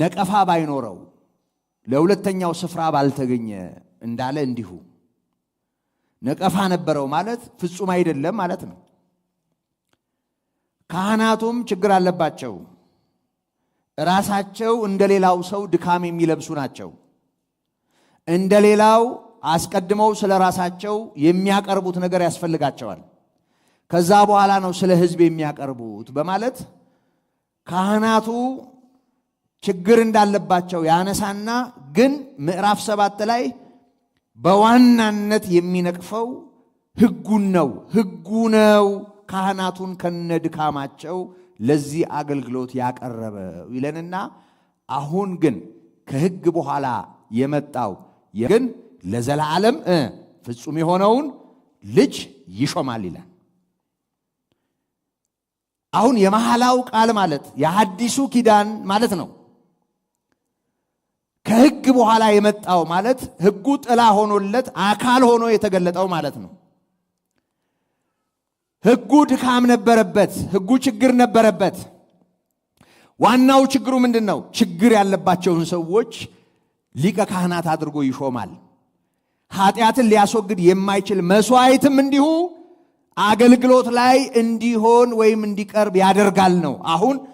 ነቀፋ ባይኖረው ለሁለተኛው ስፍራ ባልተገኘ እንዳለ እንዲሁ ነቀፋ ነበረው ማለት ፍጹም አይደለም ማለት ነው። ካህናቱም ችግር አለባቸው። ራሳቸው እንደ ሌላው ሰው ድካም የሚለብሱ ናቸው። እንደ ሌላው አስቀድመው ስለ ራሳቸው የሚያቀርቡት ነገር ያስፈልጋቸዋል። ከዛ በኋላ ነው ስለ ሕዝብ የሚያቀርቡት በማለት ካህናቱ ችግር እንዳለባቸው ያነሳና ግን ምዕራፍ ሰባት ላይ በዋናነት የሚነቅፈው ህጉን ነው። ህጉ ነው ካህናቱን ከነድካማቸው ለዚህ አገልግሎት ያቀረበው ይለንና አሁን ግን ከህግ በኋላ የመጣው ግን ለዘላለም ፍጹም የሆነውን ልጅ ይሾማል ይላል። አሁን የመሐላው ቃል ማለት የሐዲሱ ኪዳን ማለት ነው። ከህግ በኋላ የመጣው ማለት ህጉ ጥላ ሆኖለት አካል ሆኖ የተገለጠው ማለት ነው። ህጉ ድካም ነበረበት። ህጉ ችግር ነበረበት። ዋናው ችግሩ ምንድን ነው? ችግር ያለባቸውን ሰዎች ሊቀ ካህናት አድርጎ ይሾማል። ኃጢአትን ሊያስወግድ የማይችል መስዋይትም እንዲሁ አገልግሎት ላይ እንዲሆን ወይም እንዲቀርብ ያደርጋል ነው አሁን